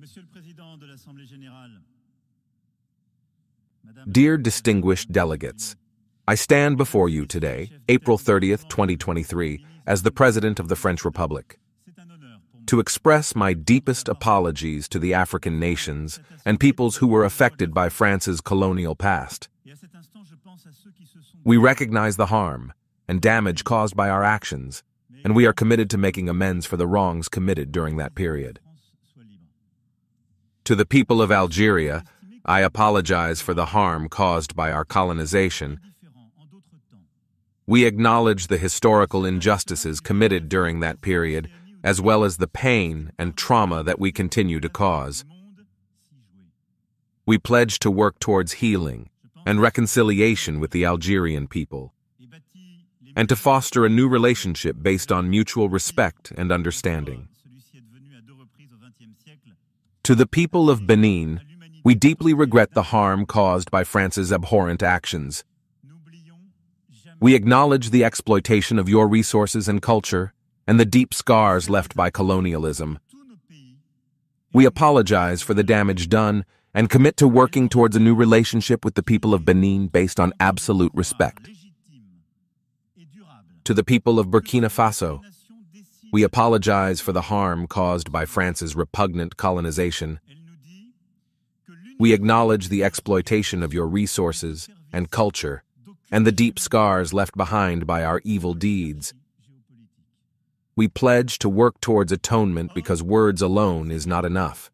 Monsieur le Président de l'Assemblée Générale, Dear distinguished delegates, I stand before you today, April 30th, 2023, as the President of the French Republic. To express my deepest apologies to the African nations and peoples who were affected by France's colonial past. We recognize the harm and damage caused by our actions, and we are committed to making amends for the wrongs committed during that period. To the people of Algeria, I apologize for the harm caused by our colonization. We acknowledge the historical injustices committed during that period, as well as the pain and trauma that we continue to cause. We pledge to work towards healing and reconciliation with the Algerian people, and to foster a new relationship based on mutual respect and understanding. To the people of Benin, we deeply regret the harm caused by France's abhorrent actions. We acknowledge the exploitation of your resources and culture and the deep scars left by colonialism. We apologize for the damage done and commit to working towards a new relationship with the people of Benin based on absolute respect. To the people of Burkina Faso, we apologize for the harm caused by France's repugnant colonization. We acknowledge the exploitation of your resources and culture and the deep scars left behind by our evil deeds. We pledge to work towards atonement because words alone is not enough.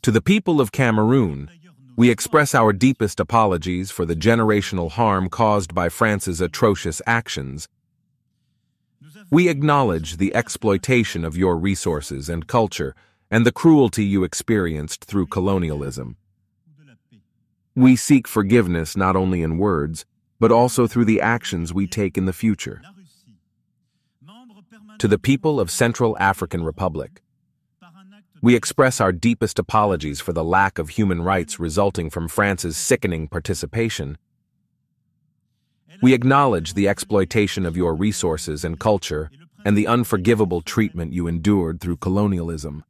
To the people of Cameroon, we express our deepest apologies for the generational harm caused by France's atrocious actions we acknowledge the exploitation of your resources and culture and the cruelty you experienced through colonialism. We seek forgiveness not only in words, but also through the actions we take in the future. To the people of Central African Republic, we express our deepest apologies for the lack of human rights resulting from France's sickening participation we acknowledge the exploitation of your resources and culture and the unforgivable treatment you endured through colonialism.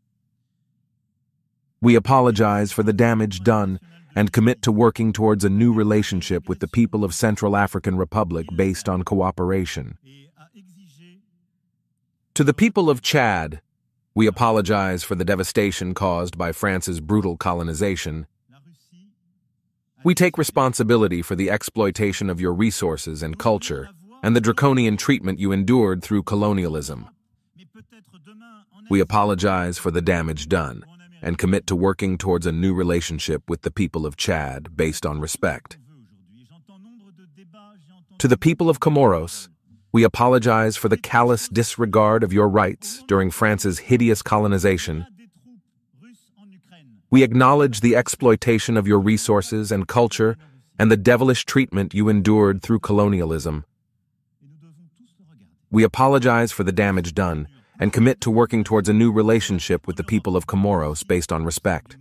We apologize for the damage done and commit to working towards a new relationship with the people of Central African Republic based on cooperation. To the people of Chad, we apologize for the devastation caused by France's brutal colonization we take responsibility for the exploitation of your resources and culture and the draconian treatment you endured through colonialism. We apologize for the damage done and commit to working towards a new relationship with the people of Chad based on respect. To the people of Comoros, we apologize for the callous disregard of your rights during France's hideous colonization we acknowledge the exploitation of your resources and culture and the devilish treatment you endured through colonialism. We apologize for the damage done and commit to working towards a new relationship with the people of Comoros based on respect.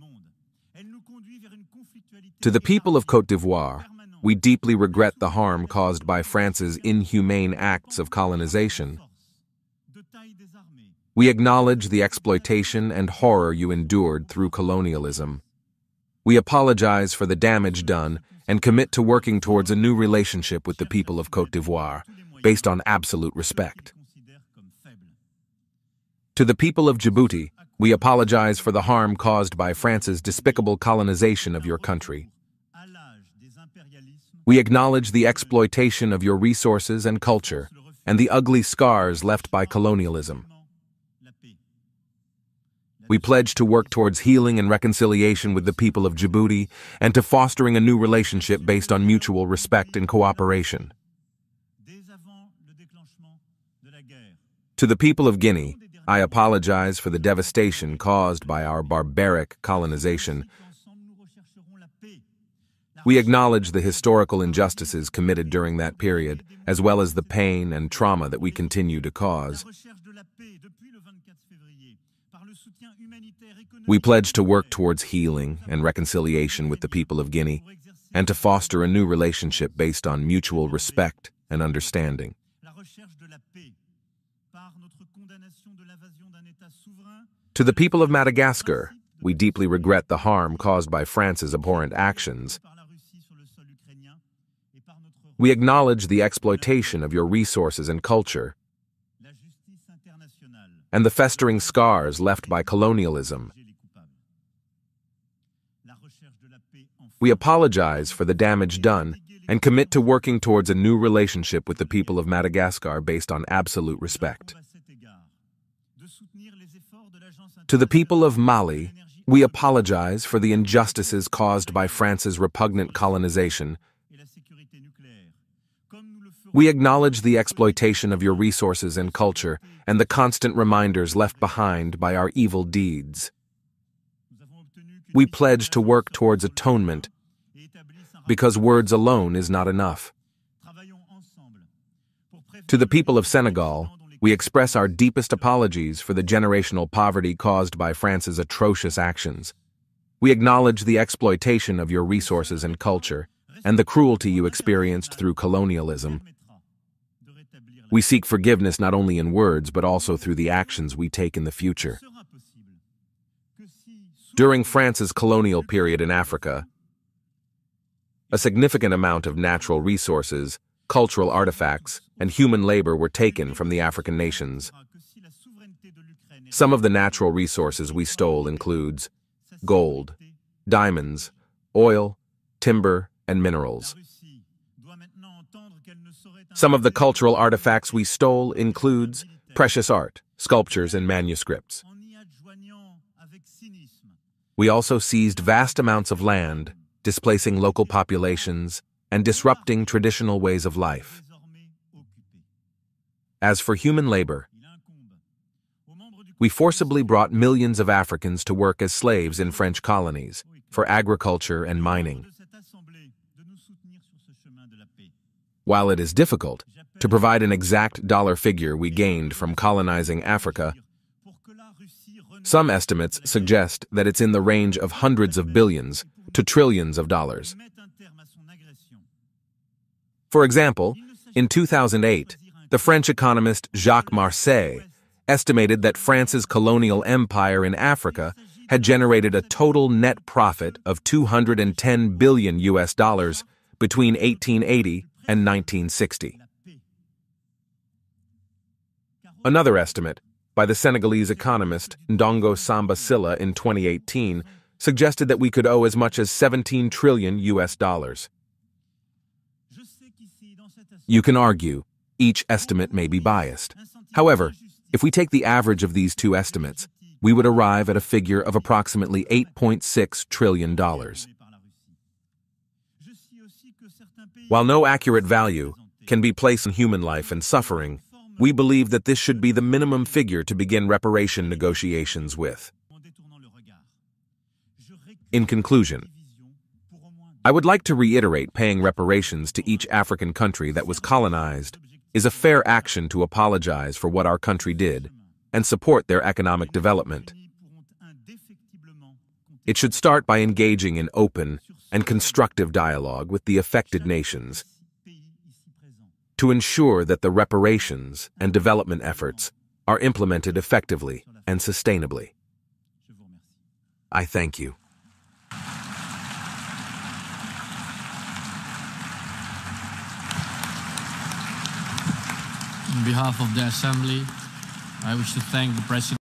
To the people of Cote d'Ivoire, we deeply regret the harm caused by France's inhumane acts of colonization. We acknowledge the exploitation and horror you endured through colonialism. We apologize for the damage done and commit to working towards a new relationship with the people of Cote d'Ivoire, based on absolute respect. To the people of Djibouti, we apologize for the harm caused by France's despicable colonization of your country. We acknowledge the exploitation of your resources and culture, and the ugly scars left by colonialism. We pledge to work towards healing and reconciliation with the people of Djibouti and to fostering a new relationship based on mutual respect and cooperation. To the people of Guinea, I apologize for the devastation caused by our barbaric colonization. We acknowledge the historical injustices committed during that period, as well as the pain and trauma that we continue to cause. We pledge to work towards healing and reconciliation with the people of Guinea and to foster a new relationship based on mutual respect and understanding. To the people of Madagascar, we deeply regret the harm caused by France's abhorrent actions. We acknowledge the exploitation of your resources and culture and the festering scars left by colonialism. We apologize for the damage done and commit to working towards a new relationship with the people of Madagascar based on absolute respect. To the people of Mali, we apologize for the injustices caused by France's repugnant colonization we acknowledge the exploitation of your resources and culture and the constant reminders left behind by our evil deeds. We pledge to work towards atonement because words alone is not enough. To the people of Senegal, we express our deepest apologies for the generational poverty caused by France's atrocious actions. We acknowledge the exploitation of your resources and culture, and the cruelty you experienced through colonialism. We seek forgiveness not only in words, but also through the actions we take in the future. During France's colonial period in Africa, a significant amount of natural resources, cultural artifacts, and human labor were taken from the African nations. Some of the natural resources we stole includes gold, diamonds, oil, timber, and minerals. Some of the cultural artifacts we stole includes precious art, sculptures, and manuscripts. We also seized vast amounts of land, displacing local populations and disrupting traditional ways of life. As for human labor, we forcibly brought millions of Africans to work as slaves in French colonies for agriculture and mining. While it is difficult to provide an exact dollar figure we gained from colonizing Africa, some estimates suggest that it's in the range of hundreds of billions to trillions of dollars. For example, in 2008, the French economist Jacques Marseille estimated that France's colonial empire in Africa had generated a total net profit of 210 billion US dollars between 1880 and 1960. Another estimate, by the Senegalese economist Ndongo Samba Silla in 2018, suggested that we could owe as much as 17 trillion US dollars. You can argue each estimate may be biased. However, if we take the average of these two estimates, we would arrive at a figure of approximately $8.6 trillion. While no accurate value can be placed on human life and suffering, we believe that this should be the minimum figure to begin reparation negotiations with. In conclusion, I would like to reiterate paying reparations to each African country that was colonized is a fair action to apologize for what our country did and support their economic development. It should start by engaging in open and constructive dialogue with the affected nations to ensure that the reparations and development efforts are implemented effectively and sustainably. I thank you. On behalf of the Assembly, I wish to thank the President.